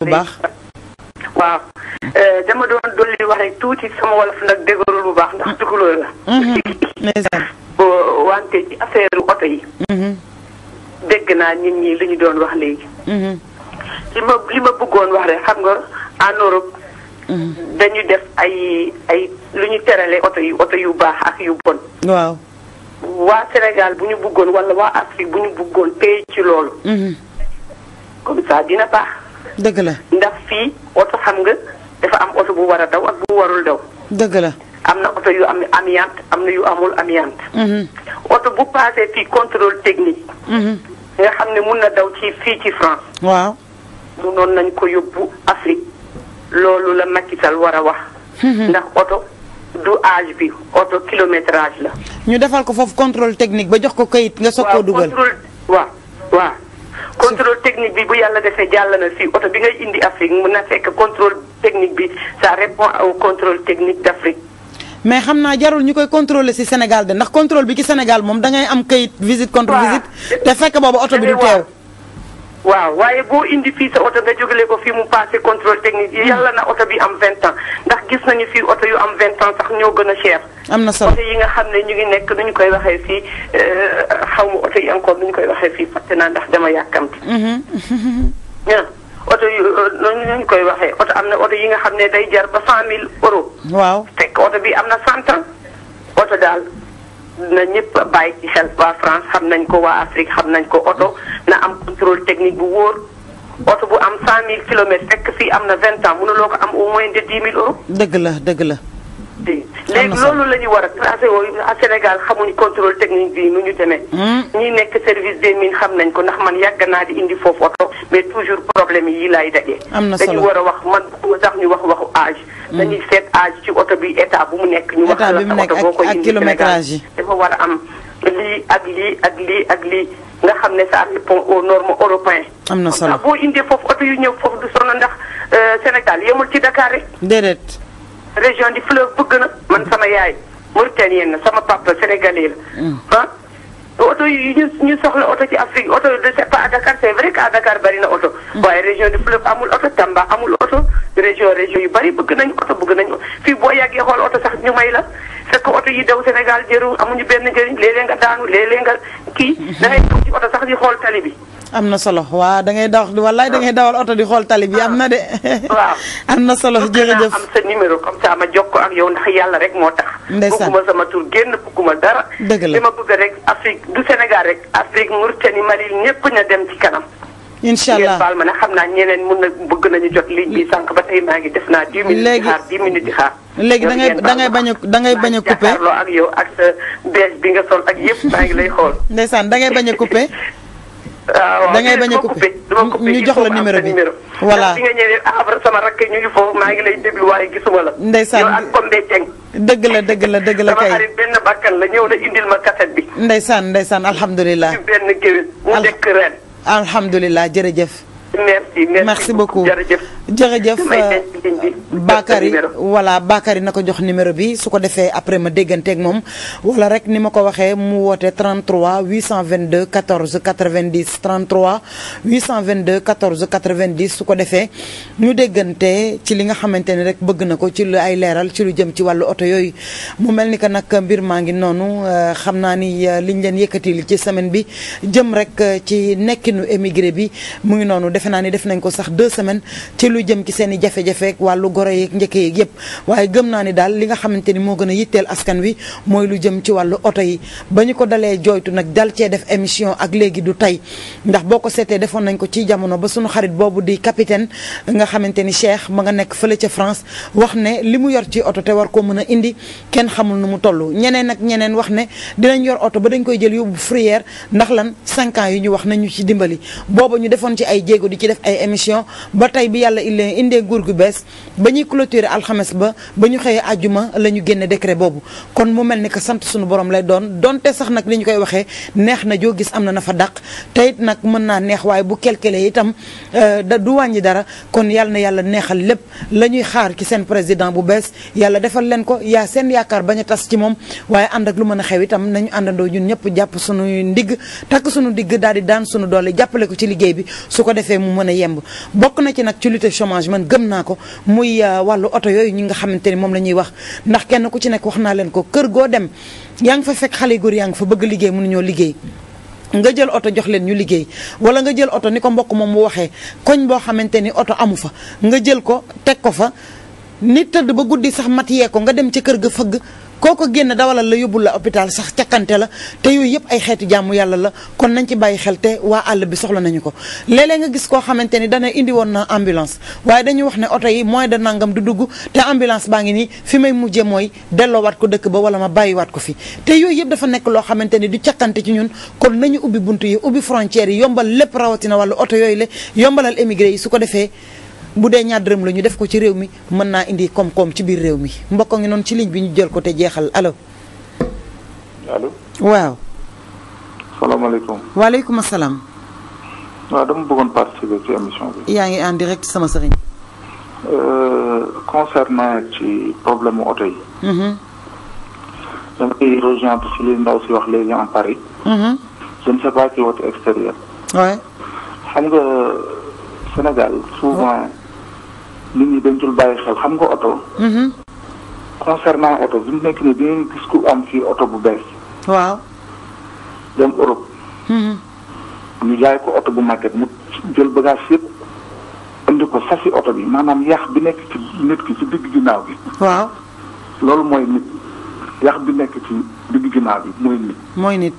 bu baax waaw euh, dama doon dolli wax rek tuuti sama wolof nag dëgërul bu baax ndax tukulóor la. Mhm. ndeysaan. wante ci affaire oto yi. Mhm. dégg naa nit ñi li ñu doon wax léegi. Mhm. li ma li ma bëggoon wax rek xam nga en Europe. dañu def ay ay lu ñu terale oto yu oto yu baax ak yu bon. waaw. waa Sénégal bu ñu bëggoon wala waa Afrique bu ñu bëggoon téye ci loolu. comme ça dina baax. dëgg la ndax fii oto xam nga dafa am oto bu war a daw ak bu warul daw. dëgg la am na oto yu am amiante am na yu amul amiante. Mhm. oto bu paasee fii contrôle technique. Mhm. nga xam ne mun na daw ci fii ci France. waaw munoon nañ ko yóbbu Afrique loolu la Macky Sall war a wax. Mhm. ndax oto du âge bi oto kilométrage la. ñu defal ko foofu contrôle technique ba jox ko kayit nga soog koo dugal waaw contrôle contrôle technique bi bu yàlla defee jàll na fii oto bi ngay indi Afrique mun na fekk contrôle technique bi ça répond au contrôle technique d' Afrique. mais xam naa jarul ñu koy contrôler si Sénégal de ndax contrôle bi ci Sénégal moom dangay am kayit visite contre visite. te fekk boobu oto bi du teew. waaw waaye boo indi fii sa oto nga jógale ko fi mu passé contrôle technique yi yàlla na oto bi am vingt ans ndax gis nañu fii oto yu am vingt ans sax ñoo gën a cher. am na solo yi nga xam ne ñu ngi nekk nu koy waxee fii. Euh, yi encore nu ñu koy waxee fii fàtte naa ndax dama yàkkamti. ñaa mhm. oto yu euh, euh, nu ñu koy waxee oto am na oto yi nga xam ne day jar ba cent mille euros. waaw fekk oto bi am na cent ans oto daal. na ñëpp bàyyi ci xel waa France xam nañ ko waa Afrique xam nañ ko oto na am contrôle technique bu wóor oto bu am cent mille kilomètres fekk fii am na vingt ans mënuloo ko am au moins de dix mille euros. dëgg la dëgg la. léegi loolu la ñu war a tracé wooyu Sénégal xamuñ contrôle technique bi nu ñu demee. Hmm? ñi nekk service des mines xam nañ ko ndax man yàgg naa di indi foofu oto mais toujours problème yi laay daje. am na solo dañu war a wax man tax ñu wax waxu âge. Hmm. dañuy seet âge ci oto bi état bu mu nekk. ñu wax la oto boo ko indi kilométrage yi dafa war a am lii ak lii ak lii ak lii. nga xam ne ça répond aux normes européennes. am na solo boo indee foofu oto yu ñëw foofu du sonn ndax euh, Sénégal yemul ci Dakar rek. déedéet. région du fleuve bëgg na man sama yaay Mauritanienne sama papa sénégalais la. oto mm. ah yi ñu ñu soxla oto ci Afrique oto de c'est pas à Dakar c'est vrai oto. Mm. waaye région de fleuve amul oto Tamba amul oto région région yu bari bëgg nañu oto bëgg nañu fii boo yàggee xool oto sax ñu may la fekk oto yi daw Sénégal jëru ñu benn njëriñ léeg-léeg nga daanu léeg nga kii da ngay ci oto sax di xool tali bi. am na solo waaw da ngay daw wallaay da ngay dawal oto di xool tali bi am na de. waaw am na solo jërëjëf am numéro comme ça ma jokkoo ak yow ndax yàlla rek moo tax. ndeysaan bëgguma sama tur génn bëgguma dara. dëgg li ma bëgg rek Afrique du Sénégal rek Afrique Mauritanie Mali ñëpp ña dem ci kanam. incha allah baal ma ne xam naa ñeneen mun na bëgg nañu jot ligne bi ba tey maa ngi def naa. léegi 10 minutes di di xaar. léegi da da ngay bañ a da ngay bañ a coupé. ak yow ak sa bi nga sol ak yëpp maa ngi lay xool. bañ a coupé Ah, waaw da ngay bañ a coupé ñu jox la numéro bi voilà si nga ñëwee abar ah, sama rakk ñu ngi foofu maa ngi lay déglu waaye gisuma la. ndeysaan yow ak Combe Dieng. dëgg la dëgg la dëgg la kay sama xarit la ñëw na indil ma kaset bi. ndeysaan ndeysaan alhamdulilah. ci benn géwél mu jërëjëf. merci merci beaucoup jërëjëf jërëjëf euh, Bakary Bakary na ko jox numéro bi su ko defee après ma dégganteek moom wala rek ni ma ko waxee mu woote 33 822 14 90 33 822 14 90 su ko defee ñu déggante ci li nga xamante ne rek bëgg na ko ci lu ay leeral ci lu jëm ci wàllu oto yooyu mu mel ni que nag mbir maa ngi noonu euh, xam naa ni euh, liñ leen yëkkatil ci semaine bi jëm rek ci nekkinu émigré bi mu ngi noonu defe naa ni def nañ ko sax deux semaines ci lu jëm ci seeni i jafe-jafe wàllu goro yeeg njëkk yeeg yëpp waaye gëm naa ni daal li nga xamante ni moo gën a yitteel askan wi mooy lu jëm ci wàllu oto yi ba ñu ko dalee jooytu nag dal cee def émission ak léegi du tey ndax boo ko seetee defoon nañ ko ci jamono ba suñu xarit boobu di capitaine nga xamante ni Cheikh ma nga nekk fële ca France wax ne li mu yor ci oto te war koo mën a indi kenn xamul nu mu toll ñeneen ak ñeneen wax ne dinañ yor oto ba dañ koy jël yóbbu Frière ndax lan cinq yu ñu wax nañu ñu defoon ci di ci def ay émission ba tey bi yàlla illee indee nguur gu bees ba ñuy clôturer alxames ba ba ñu xëyee àjjuma la ñu génne décret boobu kon mu mel ni que sant suñu boroom lay doon donte sax nag li ñu koy waxee neex na joo gis am na na fa dàq te it nag mën naa neex waaye bu calculer itam euh, da du wàññi dara kon yàlla na yàlla neexal lépp la ñuy xaar ci seen président bu bees yàlla defal leen ko yaa seen yaakaar bañ a tas ci moom waaye ànd ak lu mën a xew itam nañu àndandoo ñun ñëpp jàpp suñu ndigg takk suñu ndigg daal di daan suñu doole jàppale ko ci liggéey bi mu mën a yemb bokk na ci nag ci lutte chômage man gëm naa ko muy euh, wàllu oto yooyu ñi nga xamante ni moom la ñuy wax ndax kenn ku ci nekk wax naa leen ko kër goo dem yaa ngi fa fekk xale góor yaa ngi fa bëgg liggéey mënuñoo liggéey nga jël oto jox leen ñu liggéey wala nga jël oto ni ko mbokk moom mu waxee koñ boo xamante ni oto amu fa nga jël ko teg ko fa ni tëdd ba guddi sax mat yee ko nga dem ci kër ga fëgg kooko génn dawalal la yóbbul la hôpital sax cakkante la te yooyu yëpp ay xeetu jàmm yàlla la kon nañ ci bàyyi xel te waa àll bi soxla nañu ko léeg nga gis koo xamante ni dana indiwoon na ambulance waaye dañu wax ne oto yi moyen de nangam du dugg te ambulance baa ngi nii fi may mujje mooy delloowaat ko dëkk ba wala ma bàyyiwaat ko fi te yooyu yëpp dafa nekk loo xamante ni du cakkante ci ñun kon nañu ubbi bunt yi ubbi frontières yi yombal lépp rawatina wàllu oto yooyu la yombalal émigré yi su ko defee bu dee ñaar dërëm la ñu def ko ci réew mi mën naa indi koom-koom ci biir réew mi mbokk ngi noonu ci ligne bi ñu jël ko te jeexal allo. allo. waaw. salaamaaleykum. waaleykum salaam. waaw dama bëggoon participer ci émission bi. yaa ngi en direct sama sëriñ. Euh, concernant ci problème mu oto yi. Mhm. damay rejoindre ci li ndaw si wax léegi en Paris. Mhm. je ne sais pas ci extérieur. waaye. xam nga Sénégal souvent. nit ñi dañ cul bàyyi xel xam nga oto. Mm-hmm. concernant oto bi nekk nii da ngeen am fii oto bu bees. waaw. dem Europe. Mm-hmm. ñu jaay ko oto bu màgget mu jël bagage yëpp indi ko sasi oto bi maanaam yàq bi nekk ci nit ki ci digg ginnaaw bi. waaw loolu mooy nit yàq bi nekk ci digg ginnaaw bi mooy nit. mooy nit.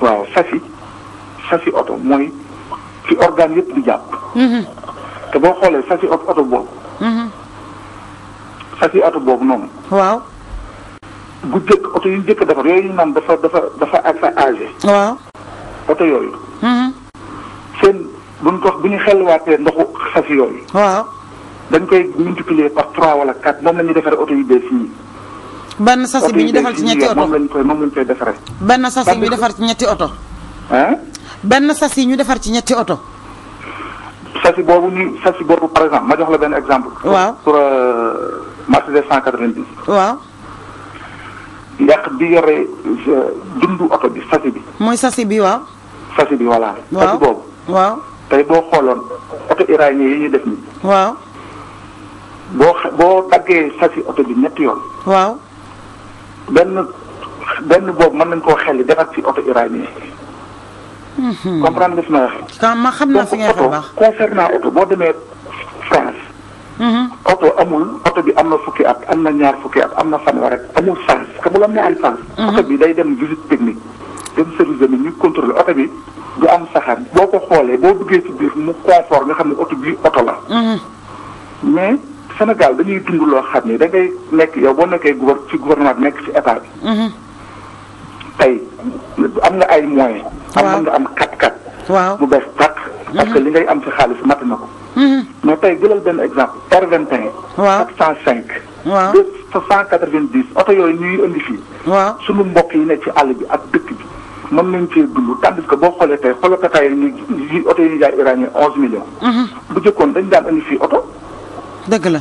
waaw sasi sasi oto mooy ci organe yëpp di jàpp. Mm-hmm. te boo xoolee sasi oto boobu. Mm-hmm. sasi oto boobu noonu. waaw. bu jëkk oto yu njëkk defar yooyu ñu naan dafa dafa dafa ak sa âgé. waaw oto yooyu. Mm-hmm. seen bu ñu ko bu ñu xelwaatee ndoxu sasi yooyu. waaw dañ koy multiplier par trois wala quatre moom la ñuy defaree oto yu bees yi. benn sasi bi ñu defar ci ñetti oto moom lañ koy moom lañ koy defaree. benn sasi bi ñu defar ci ñetti oto. ah. benn sasi ñu defar ci ñetti oto. sasi boobu ñu sasi boobu par exemple ma jox la benn exemple. waaw sur euh, Mercedes 190. waaw. yàq bi yore euh, dundu oto bi sasi bi. mooy sasi bi waaw. sasi bi voilà. waaw sasi boobu. waaw tey boo xooloon oto iranien yi ñu def nii. waaw. boo xa boo daggee sasi oto bi ñetti yoon. waaw. benn benn boobu mën nañ koo xel defaat ci oto iranien yi. Mhm. comprendre nga fi may xam naa fi ngay waxee baax donc oto boo demee France. Mhm. oto amul oto bi am na fukki at am na ñaar fukki at am na fanweer rek amul sens parce que bu ay sens. oto bi day dem visite technique. dem service de ñu contrôler oto bi du am saxaan boo ko xoolee boo duggee ci biir mu confort nga xam ne oto bi oto la. Mhm. mais Sénégal dañuy dund loo xam ni da ngay nekk yow boo nekkee gouver ci gouvernement bi nekk ci état bi. tey am nga ay moyens. am na lu am kat-kat. waaw mu bees tàq. Mm-hmm. parce que li ngay am si xaalis mat na ko. Mm-hmm. mais tey jëlal benn exemple R21. waaw 405. waaw 290 oto yooyu ñuy indi fii. waaw sunu mbokk yi ne ci àll bi ak dëkk bi. mën nañ cee dund tandis ko boo xoolee tey xoolal tataay yi ñuy yi oto yi ñuy jaay iranien onze millions. Mm-hmm. bu jëkkoon dañ daan indi fii oto. dëgg la.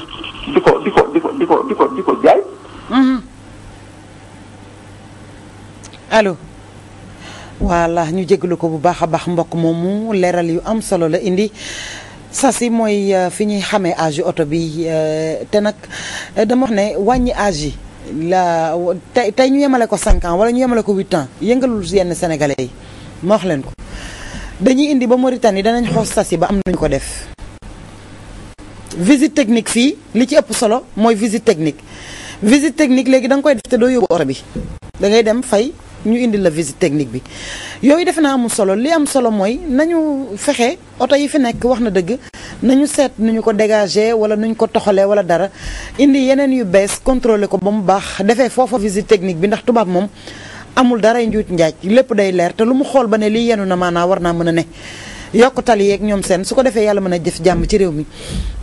di ko di ko di ko di ko di ko di ko jaay. allo. voilà ñu jégalu ko bu baax a baax mbokk moomu leeral yu am solo la indi sasi mooy euh, fi ñuy xamee âge oto bi euh, te nag euh, dama wax ne wàññi âge yi la tey tey ñu yemale ko 5 ans wala ñu yemale ko 8 ans yëngalul yenn sénégalais yi ma wax leen ko dañuy indi ba Mauritanie danañ xoos sasi ba am nañu ko def. visite technique fii li ci ëpp solo mooy visite technique visite technique léegi da nga koy def te doo yóbbu oto bi da ngay dem fay. ñu indi la visite technique bi yooyu defe naa amul solo li am solo mooy na ñu fexe oto yi fi nekk wax na dëgg nañu seet nu ñu ko dégager wala nu ñu ko toxalee wala dara indi yeneen yu bees contrôler ko ba mu baax defee foofa visite technique bi ndax tubaab moom amul dara njuut njaaj lépp day leer te lu mu xool ba ne lii yenu na maanaa war naa mën a ne yokk tali yeeg ñoom seen su ko defee yàlla mën a jëf jàmm ci réew mi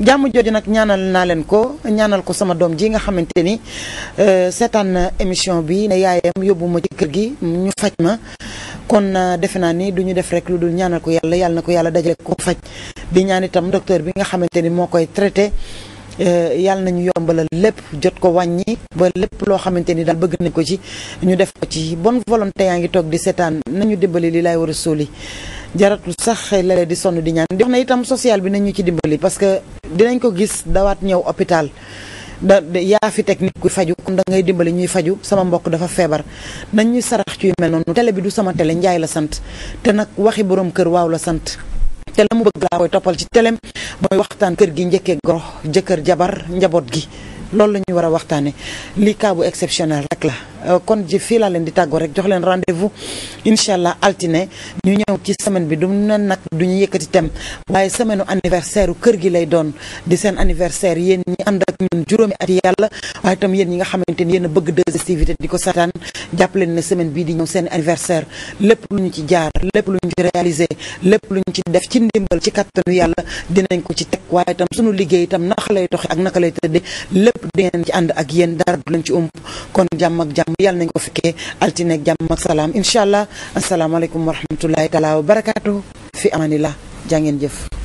jàmm jooju nag ñaanal naa leen ko ñaanal ko sama doom ji nga xamante ni euh, seetaan na émission bi ne yaayam yóbbu ma ci kër gi ñu faj ma kon euh, defe naa ni duñu def rek lu dul ñaanal ko yàlla yàlla na ko yàlla dajale ko faj bi ñaan itam docteur bi nga xamante ni moo koy traité euh, yàlla nañu yombalal lépp jot ko wàññi ba lépp loo xamante ni daal bëgg nañ ko ci ñu def ko ci bonne volonté yaa ngi toog di seetaan nañu dimbali li laay war a sóoli jaratu sax lale di sonn di ñaan di wax na itam social bi nañu ci dimbali parce que dinañ ko gis dawaat ñëw hôpital da yaa fi technique kuy faju comme da ngay dimbali ñuy faju sama mbokk dafa feebar nañ ñuy sarax ci yu mel noonu télé bi du sama tele njaay la sant te nag waxi boroom kër waaw la sant te la mu bëgg laa koy toppal ci télém mooy waxtaan kër gi njëkkee goro jëkkër jabar njaboot gi loolu lañu ñu war a waxtaanee lii cas bu exceptionnel rek la euh, kon ji fii laa leen di tàggoo rek jox leen rendez-vous incha allah altine ñu ñëw ci semaine bi du na nag du ñu yëkkati tem waaye semaine anniversaire kër gi lay doon di seen anniversaire yéen ñi ànd ak ñun juróomi at yàlla waaye tam yéen ñi nga xamante ni yéen a bëgg 2STV di ko sataan jàpp leen ne semaine bii di ñëw seen anniversaire lépp lu ñu ci jaar lépp lu ñu ci réaliser lépp lu ñu ci def ci ndimbal ci kàttanu yàlla dinañ ko ci teg waaye itam sunu liggéey itam naka lay doxe ak naka lay tëddee lépp di ci ànd ak yéen dara du leen ci ump kon jàmm ak jàmm nañ ko fekkee altine ak jàmm salaam incha allah asalaamaaleykum wa rahmatulahi taala wa barakaatu fi amanillah jaa ngeen jëf